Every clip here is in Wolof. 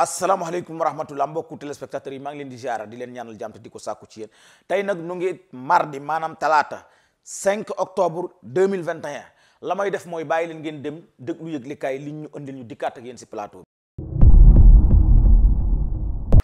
asalaamaaleykum wa rahmatullah mbokku téléspectateurs yi maa ngi leen di ziara di leen ñaanal jàmm te di ko sàkku ci yéen tey nag nu ngi mardi maanaam talaata 5 octobre 2021 la may def mooy bàyyi leen ngeen dem déglu yëglikaay li ñu ëndil ñu dikkaat ak yéen si plateau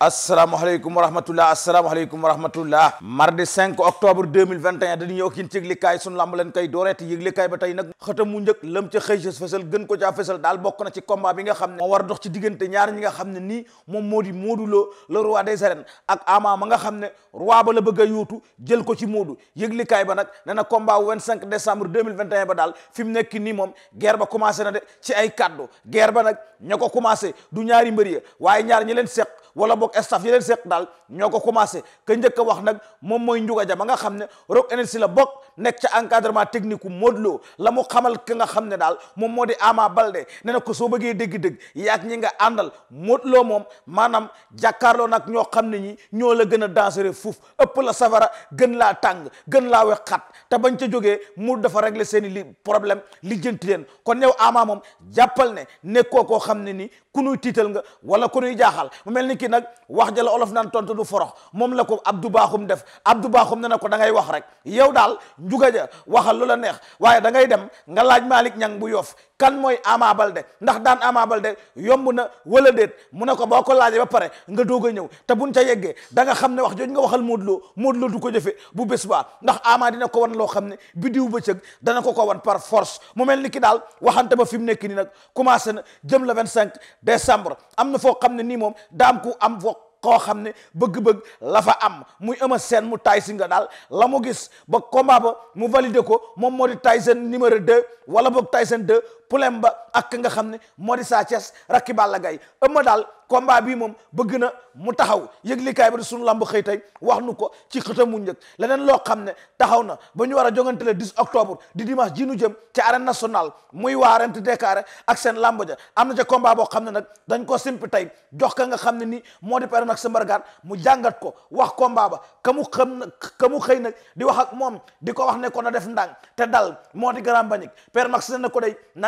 asalaamaaleykum wa rahmatullah asalaamaaleykum wa rahmatullah mardi 5 octobre 2021 dañu ñëw ak yéen ci yëglikaay sunu lamb leen koy dooreeti yëglikaay ba tey nag xëtam mu njëkk lëm ca xëy sës gën ko caa fësal daal bokk na ci combat bi nga xam ne moo war dox ci diggante ñaar ñi nga xam ne nii moom moo di Modou Lo le roi des arènes ak Ama ma nga xam ne roi ba la bëgg a yóotu jël ko ci Modou yëglikaay ba nag nee na combat 25 décembre 2021 ba daal fi mu nekk nii moom guerre ba commencé na de ci ay kaddu guerre nag ña ko commencé du ñaari mbër ya waaye ñaar ñi leen seq wala boog staff yi leen daal ñoo ko commencé que njëkk a wax nag moom mooy Ndiouga ba nga xam ne Rock Énergie la bok nekk ca encadrement technique ku Modou Lo la mu xamal ki nga xam ne daal moom moo di Ama balde ne na ko soo bëggee dégg-dégg yaag ñi nga àndal Modou Lo moom maanaam jàkkaarloo nag ñoo xam ne ñi ñoo la gën a dangereux fuuf ëpp la safara gën laa tàng gën laa wex xat te bañ ca jógee mu dafa régler seen i li problème li jënti leen kon new Ama moom jàppal ne nekkoo koo xam ne ni ku tiital nga wala ku nuy nag wax ja la olof naan tontu du forox moom la ko du Bakhoum def Abdou Bakhoum ne na ko da ngay wax rek yow daal njuga ja waxal lu la neex waaye da ngay dem nga laaj Malick Niang bu yoof kan mooy Ama Baldé ndax daan Ama Baldé yomb na wala déet mu ne ko boo ko laajee ba pare nga doog a ñëw te buñ ca yeggee da nga xam ne wax jooj nga waxal Modou loo Modou Lo du ko jëfe bu bés baa ndax Ama dina ko wan loo xam ne ba bëccëg dana ko ko wan par force mu mel ni ki daal waxante ba fi mu nekk nii nag commencé na jëm le vingt cinq décembre am na foo xam ne nii moom daam ku am foo koo xam ne bëgg-bëgg la fa am muy Eumeu Sène mu Tyson nga daal la mu gis ba combat ba ko moom moo di Tyson numéro deux wala boog Tyson deux pulem ba ak nga xam ne moo di Sa Thiès rakki Balla Gaye ëmma daal combat bii moom bëgg na mu taxaw yëglikaay ba di sunu lamb xëy tey wax nu ko ci xëtam mu njëkk leneen loo xam ne taxaw na ba ñu war a jongante le 10 octobre di dimanche ji nu jëm ci arène nationale muy waa rent décaré ak seen lamb ja am na ca combat boo xam ne nag dañ koo simpi tey jox ka nga xam ne nii moo di père nag sa mu jàngat ko wax komba ba ka mu na ka xëy nag di wax ak moom di ko wax ne na def ndànk te dal moo di grand bañik père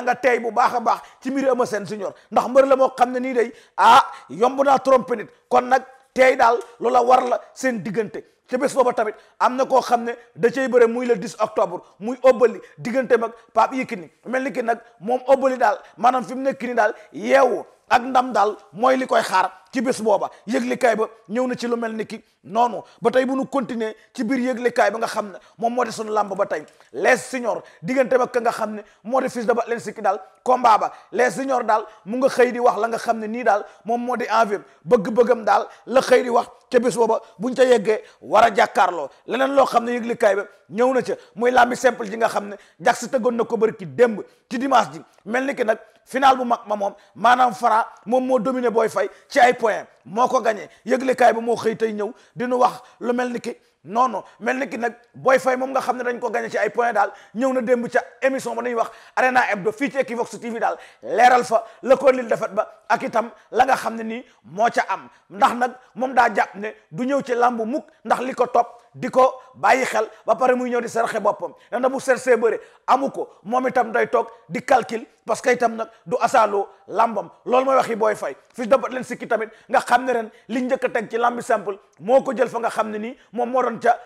nga tey bu baax a baax ci mbiri Eumeu Sène Junior ndax mbër la moo xam ne nii day ah yomb naa trompé nit kon nag tey daal loola war la seen diggante ca bés booba tamit am na koo xam ne da cay bëre muy le dis octobre muy Obali diggante mag Pape Yékini mel ni ki nag moom Obali daal maanaam fi mu nekk nii daal yeewu ak ndam daal mooy li koy xaar ci bés booba yëglikaay ba ñëw na ci lu mel ni ki noonu ba tey bu nu continuer ci biir yëglikaay ba nga xam ne moom moo di sunu làmb ba tey lee seniors diggante ba ka nga xam ne moo di fils de Batlen Siki daal combat ba les seniors daal mu nga xëy di wax la nga xam ne nii daal moom moo di envie bëgg-bëggam daal la xëy di wax ca bés booba buñ ca yeggee war a jàkkaarloo leneen loo xam ne yëglikaay ba ñëw na ca muy làmbi simple ji nga xam ne jax si tëggoon na ko bari démb ci dimanche ji mel ni ki nag final bu mag ma moom maanaam Fara moom moo dominé Boy fay ci ay points moo ko gagné yëglekaay ba moo xëy tey ñëw dinu wax lu mel ni ki noonu mel ni ki nag Boy Faye moom nga xam ne dañ ko gañee ci ay points daal ñëw na démb ca émission ba ñuy wax naa Arena Hebdo fii ci Equivox TV daal leeral fa la ko lil defet ba ak itam la nga xam ne nii moo ca am ndax nag moom daa jàpp ne du ñëw ci lambu mukk ndax li ko topp di ko bàyyi xel ba pare muy ñëw di sarxe boppam nee na bu sersee bëre amu ko moom itam day toog di calcul parce que itam nag du asaaloo lambam loolu mooy waxi booy fay fi dapat leen sikki tamit nga xam ne ren li njëkka a teg ci lambi sampul moo ko jël fa nga xam ne nii moom moo doon ca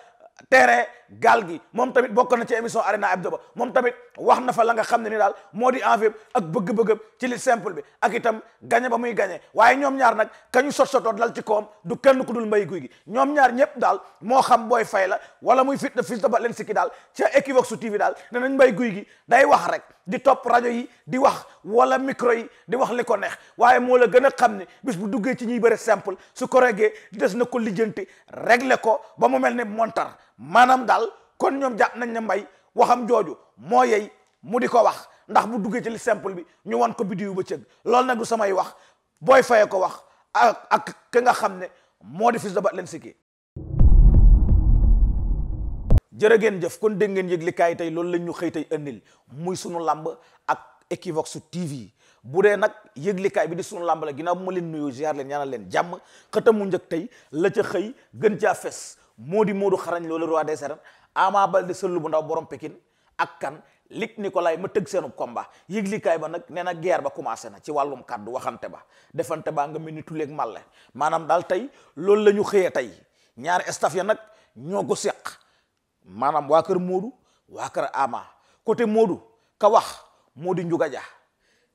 tere gaal gi moom tamit bokk na ci émission Arena Hebdo ba moom tamit wax na fa la nga xam ne ni daal moo di envie ak bëgg-bëggam ci li simple bi ak itam gañe ba muy gañe waaye ñoom ñaar nag kañu sot sotoon lal ci koom du kenn ku dul mbay guy gi ñoom ñaar ñëpp daal moo xam booy fay la wala muy fit na fils de Batlenski daal ci ca Equivox TV daal na nañ mbay guy gi day wax rek di topp rajo yi di wax wala micro yi di wax li ko neex waaye moo la gën a xam ne bis bu duggee ci ñuy bëri simple su ko regee des na ko lijjante régler ko ba mu mel ne montar maanaam daal kon ñoom jàpp nañ ne mbay waxam jooju moo yey mu di ko wax ndax bu duggee ci li simple bi ñu wan ko biddiw ba cëg loolu nag du samay wax booy faye ko wax ak ak ki nga xam ne moo di fils de Batlenski jërë ngeen jëf kon dégg ngeen yëglikaay tey loolu lañ ñu xëy tey andil muy sunu làmb ak Equivox TV bu dee nag yëglikaay bi di sunu làmb la ginnaaw bu ma leen nuyoo ziar leen ñaanal leen jàmm xëtamu njëkk tey la ca xëy gën caa fes moo di Modou xarañ loolu roi des arènes Ama Baldé sëllu bu ndaw borom Pikine ak kan Luc Nicolaï ma tëgg seenu combat yëglikaay ba nag nee na guerre ba commencé na ci wàllum kàddu waxante ba defante baa nga mel ni tuleeg màlle maanaam daal tey loolu la ñu xëyee tey ñaari staff ya nag ñoo ko seq maanaam waa kër Modou waa kër Ama côté Modou ka wax moo di Ndiouga Dia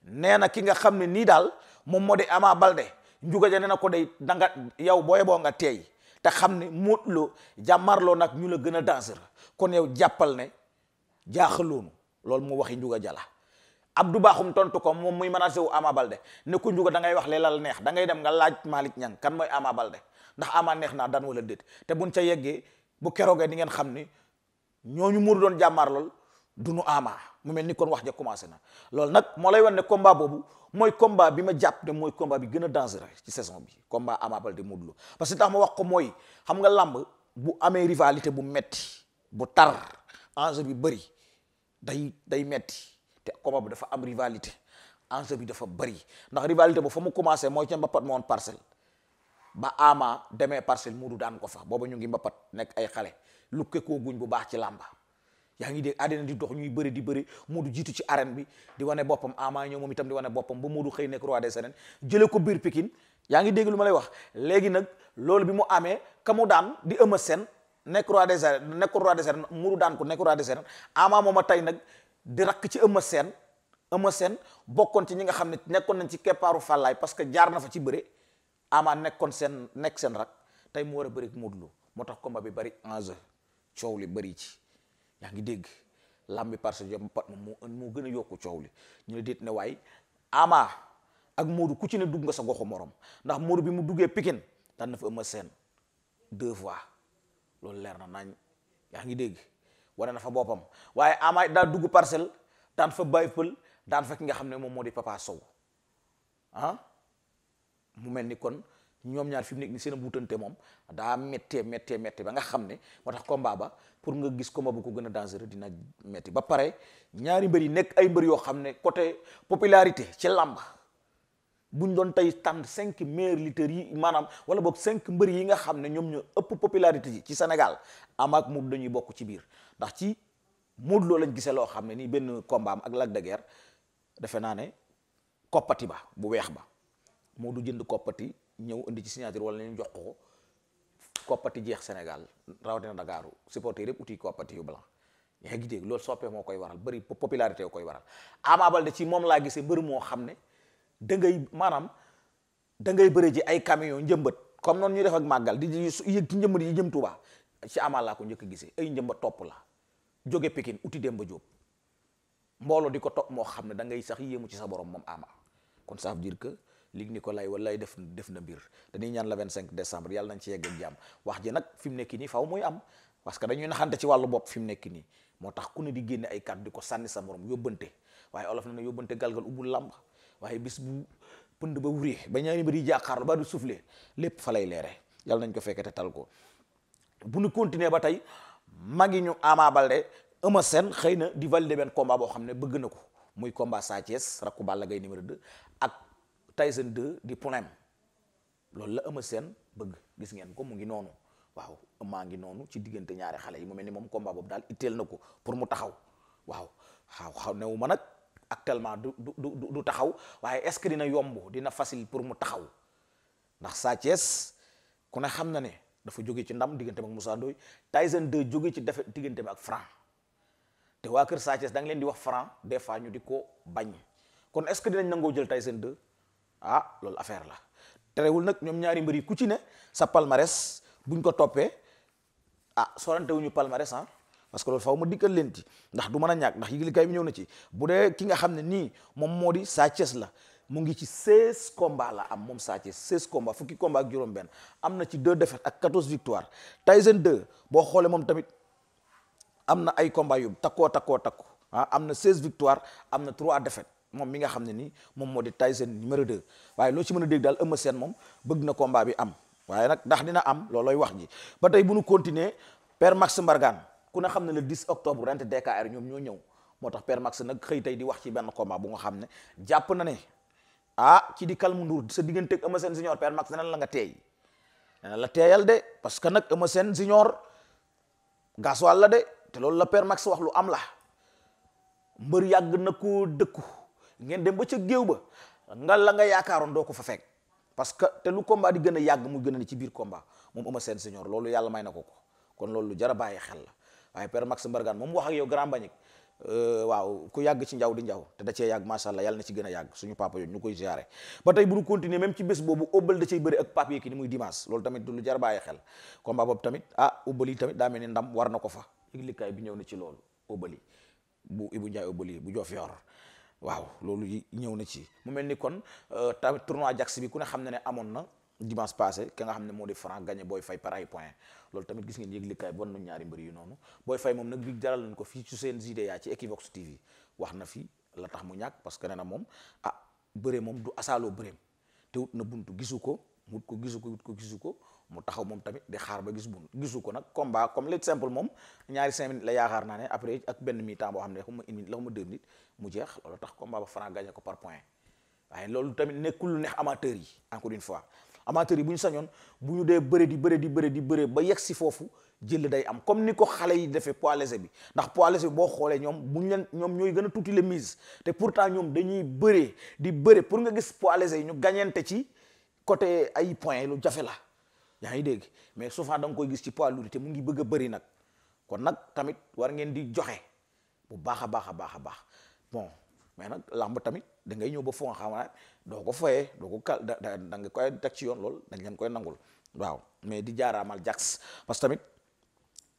nee na ki nga xam ne nii daal moom moo di Ama Balde Ndiouga Dia nee na ko day danga yow booy boo nga teey te xam ne Modou Lo jàmmarloo nag ñu la gën a danser kon yow jàppal ne jaaxaloonu loolu moo waxi Ndiouga Dia la Abdou Bakhoum tontu ko moom muy menacé wu Ama Balde ne ko Ndiouga da ngay wax leelal neex da ngay dem nga laaj Malick Niang kan mooy Ama Balde ndax Ama neex naa daan wala déet te bu keroogee di ngeen xam ni ñu muur doon jàmmaar lool du nu ama mu mel ni kon wax ja commencé na loolu nag moo lay wan ne combat boobu mooy combat bi ma jàpp ne mooy combat bi gën a dangereux ci saison bi combat Ama Baldé parce que tax ma ko mooy xam nga làmb bu amee rivalité bu metti bu tar enjeu bi bëri day day metti te combat bi dafa am rivalité enjeu bi dafa bëri ndax rivalité bu fa mu commencé mooy ca mbapat ma woon parcelle ba ama demee parcelle muudu daan ko fa booba ñu ngi mbapat nekk ay xale lu kekk kekkoo guñ bu baax ci làmba yaa ngi dégg àddina di dox ñuy bëri di bëri muudu jiitu ci arène bi di wane boppam ama ñëw moom itam di wane boppam ba muudu xëy nekk roi des arènes jële ko biir yaa ngi dégg ma lay wax léegi nag loolu bi mu amee ka daan di Eumeu Sène nekk roi des arènes nekk roi des arènes ko nekk roi des mooma tey nag di rakk ci Eumeu seen Eumeu Sène bokkoon ci ñi nga xam ne nekkoon nañ ci keppaaru fàllaay parce que jaar na fa ci bëre ama kon seen nekk seen rak tey mu war a bëri Modou Lo moo tax combat bi bëri enjeu coow li bëri ci yaa ngi dégg lam bi parce que pat moom moo gën a yokku coow li ñu ne déet ne waaye ama ak Modou ku ci ne dugg nga sa goxu moroom ndax Modou bi mu duggee Pikine daan na fa ëma seen deux fois loolu leer na nañ yaa ngi dégg wane na fa boppam waaye ama daa dugg parcelle daan fa bay pël daan fa ki nga xam ne moom moo di Papa Sow ah? mu mel ni kon ñoom ñaar fi mu nekk ni seen buutante moom daa méttee méttee méttee ba nga xam ne moo kombaa ba pour nga gis combat bu ko gën a dangereux dina métti ba pare ñaari mbër yi nekk ay mbër yoo xam ne côté popularité ci làmb buñ doon tey tànn cinq meilleurs lutteurs yi maanaam wala boog cinq mbër yi nga xam ne ñoom ñoo ëpp popularité ji ci Sénégal Ama ak Modou dañuy bokk ci biir ndax ci Modou Lo lañ gisee loo xam ne nii benn combat ak Lac de Guiers naa ne koppati ba bu weex ba moo du jënd koppati ñëw indi ci signature wala ñu jox ko koppati jeex Sénégal rawatina Dakaaru supporter yëpp uti koppati yu blanc yaa ngi dégg loolu soppee moo koy waral bëri popularité yoo koy waral bal Baldé ci moom laa gisee mbër moo xam ne da maanaam da ngay bëri ji ay camion njëmbat comme noonu ñuy def ak màggal di yëg ci njëmbat yi jëm Tuubaa ci laa ko njëkk gisee ay njëmbat topp la jóge Pikine uti Demba Jóob mbooloo di ko topp moo xam ne da ngay sax yéemu ci sa borom moom Ama kon ça veut dire lig ni ko lay walay def def na mbir dañuy ñaan la 25 décembre yàlla nañ ci yegg ak jàmm wax ji nag fi mu nekk nii faaw muy am parce que dañuy naxante ci wàllu bopp fi mu nekk nii moo tax ku ne di génne ay kàddu di ko sànni sa morom yóbbante waaye olof na ne yóbbante galgal ubbul làmb waaye bis bu pënd ba wuree ba ñaari mbir yi jàkkaarloo ba du soufflé lépp fa lay leere yàlla nañ ko fekkee te tal ko bu nu continuer ba tey magi ñu Ama Baldé Eumeu Sène xëy na di valider benn combat boo xam ne bëgg na ko muy combat Sa Balla Gaye numéro 2 Tyson 2 di problème loolu la Eumeu seen bëgg gis ngeen ko mu ngi noonu waaw maa ngi noonu ci diggante ñaari xale yi mu mel ni moom combat boobu daal itteel na ko pour mu taxaw waaw xaw xaw newu ma nag actuellement du du du du taxaw waaye est-ce que dina yomb dina facile pour mu taxaw ndax Sa Thiès ku ne xam na ne dafa jóge ci ndam diggante ak Moussa Ndoye Tyson 2 jóge ci defe diggante ak Franc te waa kër Sa Thiès leen di wax Franc des fois ñu di ko bañ kon est-ce que dinañ nangoo jël Tyson 2 ah loolu affaire la terewul nag ñoom ñaari mbër yi ku ci ne sa palmarès buñ ko toppee ah sorante wuñu palmarès ah parce que loolu faaw ma dikkal leen ndax du man a ñàkk ndax yëglikaay bi ñëw na ci bu dee ki nga xam ne nii moom moo di Sa Thiès la mu ngi ci 16 combats la am moom Sa Thiès 16 combats fukki combats ak juróom-benn am na ci 2 défaites ak 14 victoires Tyson 2 boo xoolee moom tamit am na ay combats yu takkoo takkoo takku ah am na 16 victoires am na 3 défaites. moom mi nga xam ne ni moom moo di Tyson numéro 2 waaye loo ci mën a dégg daal Eumeu seen moom bëgg na combat bi am waaye nag ndax dina am loolooy wax ji ba tey bu nu continuer Père Max ku ne xam ne le 10 octobre rent DKR ñoom ñoo ñëw moo tax Père Max nag xëy tey di wax ci benn combat bu nga xam ne jàpp na ne ah kii di Calme Ndour sa digganteeg Eumeu Sène Junior Père Max dana la nga teey dana la teeyal de parce que nag Eumeu seen Junior gasoil la de te loolu la Père Max wax lu am la mbër yàgg na koo dëkku ngeen dem ba ca géew ba nga la nga yaakaaroon doo ko fa fekk parce que te lu combat di gën a yàgg mu gën a ne ci biir combat moom Eumeu Sène senior loolu yàlla may na ko ko kon loolu lu jar a bàyyi xel la waaye père Max Mbargane moom wax ak yow grand bañik euh, waaw ku yàgg ci njaw di njaw te da cee yàgg macha allah yàlla na ci gën a yàgg suñu papa yooyu ñu koy ziare ba tey bu ñu continuer même ci bés boobu ubbal da cay bëri ak papier ki ni muy dimanche loolu tamit du lu jar xel combat boobu tamit ah ubbal yi tamit daa mel ni war na ko fa yëglikaay bi ñëw na ci loolu ubbal yi bu Ibou Ndiaye ubbal yi bu Diofior waaw loolu ñëw na ci mu mel ni kon euh, tamit tournoi Ajax bi ku ne xam ne ne amoon na dimanche passé ki nga xam ne moo di Franc gagné Boy Faye par ay point loolu tamit gis ngeen yëglikaay bon na ñaari mbër yu noonu Boy fay moom nag bi jaral nañ ko fii ci seen yaa ci Equivox TV wax na fi la tax mu ñàkk parce que nee moom ah bëre moom du asaaloo bëreem te wut na buntu gisu ko wut ko gisu ko wut ko gisu ko mu taxaw moom tamit di xaar ba gis bun gisu ko nag combat comme lit moom ñaari cinq minutes la yaakaar naa ne après ak benn mi boo xam ne xuma une minute la xuma deux minutes mu jeex loolu tax combat ba Franc gagné ko par point waaye loolu tamit nekkul lu neex amateurs yi encore une fois amateurs yi bu ñu sañoon bu ñu dee bëre di bëre di bëre di bëre ba yegg si foofu jël day am comme ni ko xale yi defee poids léger bi ndax poids léger bi boo xoolee ñoom bu ñu leen ñoom ñooy gën a tuuti te pourtant ñoom dañuy bëree di bëre pour nga gis poids léger ñu gañente ci côté ay points lu jafe la yaa ngi dégg mais souvent da nga koy gis ci poids lourd te mu ngi bëgg a bëri nag kon nag tamit war ngeen di joxe bu baax a baax a baax a baax bon mais nag làmb tamit da ngay ñëw ba foo nga xam doo ko foyee doo ko kal da da nga koy teg ci yoon lool dañ leen koy nangul waaw mais di jaaraamal jax parce que tamit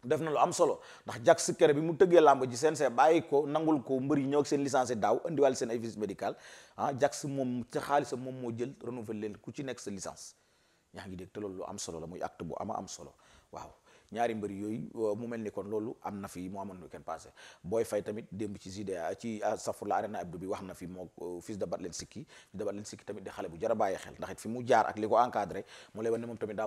def na lu am solo ndax jax kere bi mu tëggee làmb ji seen see bàyyi ko nangul ko mbër yi ñëw ak seen licence daaw indiwaale seen ay visite médicale ah jax moom ca xaalisam moom moo jël leen ku ci nekk sa licence yaa ngi dégg te loolu lu am solo la muy acte bu ama am solo waaw ñaari mbër yooyu euh, mu mel ni kon loolu am na fi mu amoon weekend passé booy fay tamit démb ci Zidea ci safur la arena abdou bi wax na fi moo euh, fils de Batlen Sikki tamit di xale bu jar a xel ndax fi mu jaar ak li ko mu lay wan moom tamit daa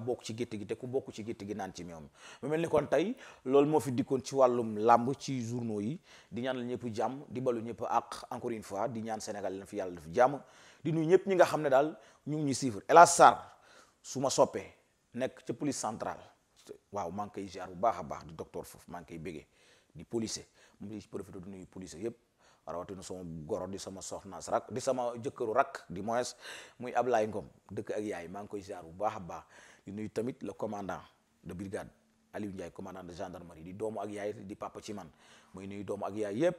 moo fi dikkoon ci wàllum làmb ci journaux yi di ñaanal ñëpp jàmm di balu ñëpp ak encore une fois di ñaan Sénégal leen fi yàlla def jàmm di nuyu ñëpp ñi nga xam su ma soppee nekk ca police centrale waaw maa ngi koy ziar bu baax a baax di docteur foofu maa ngi koy di policier mu ngi profité di nuy policier yëpp rawatina sama goro di sama soxnaas rak di sama jëkkëru rak di moins muy Ablaye Ngom dëkk ak yaay maa ngi koy ziar bu baax a baax di nuyu tamit la commandant de brigade Aliou Ndiaye commandant de gendarmerie di doomu ak yaay di papa ci man muy nuyu doomu ak yaay yëpp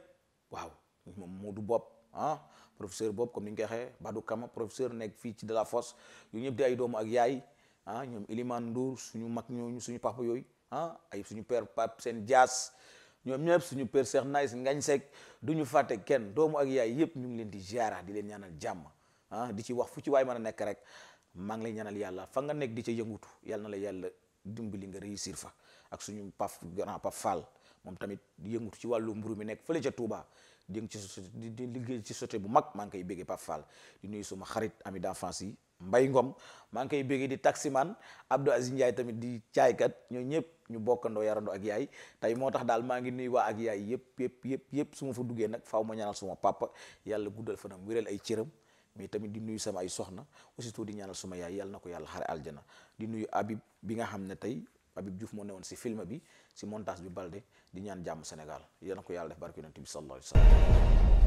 waaw moom moo du bopp ah professeur boobu comme ni ñu koy waxee Badou Kama professeur nekk fii ci de la fosse yooyu ñëpp di ay doomu ak yaay ah ñoom Elimane Ndour suñu mag ñooñu suñu papa yooyu ah ay suñu père Pape seen jaas ñoom ñëpp suñu père Cheikh Nice Ngagne du ñu fàtte kenn doomu ak yaay yëpp ñu ngi leen di ziara di leen ñaanal jàmm ah di ci wax fu ci waay mën a nekk rek maa ngi lay yàlla fa nga nekk di ca yëngutu yàlla na la yàlla dimbali nga réussir fa ak suñu paf grand paf moom tamit yëngutu ci wàllu mburu mi nekk fële ca Touba di di liggéey ci sote bu mag maa ngi koy béggee Pape Fall di nuyu suma xarit ami d'enfance yi Mbay Ngom maa ngi koy béggee di taximan Abdou Aziz Ndiaye tamit di caaykat ñoo ñëpp ñu bokkandoo yarandoo ak yaay tey moo tax daal maa ngi nuyu waa ak yaay yëpp yëpp yëpp yëpp su fa duggee nag faw ma ñaanal suma papa yàlla guddal fanam wéral ay cëram mais tamit di nuyu sama ay soxna aussitôt di ñaanal suma yaay yàlla na ko yàlla xar aljana di nuyu Habib bi nga xam ne tey Habib Diouf moo newoon si film bi si montage bi Balde di ñaan jàmm Sénégal yal na ko yàlla def barke yonent bi sallallahu alayhi wa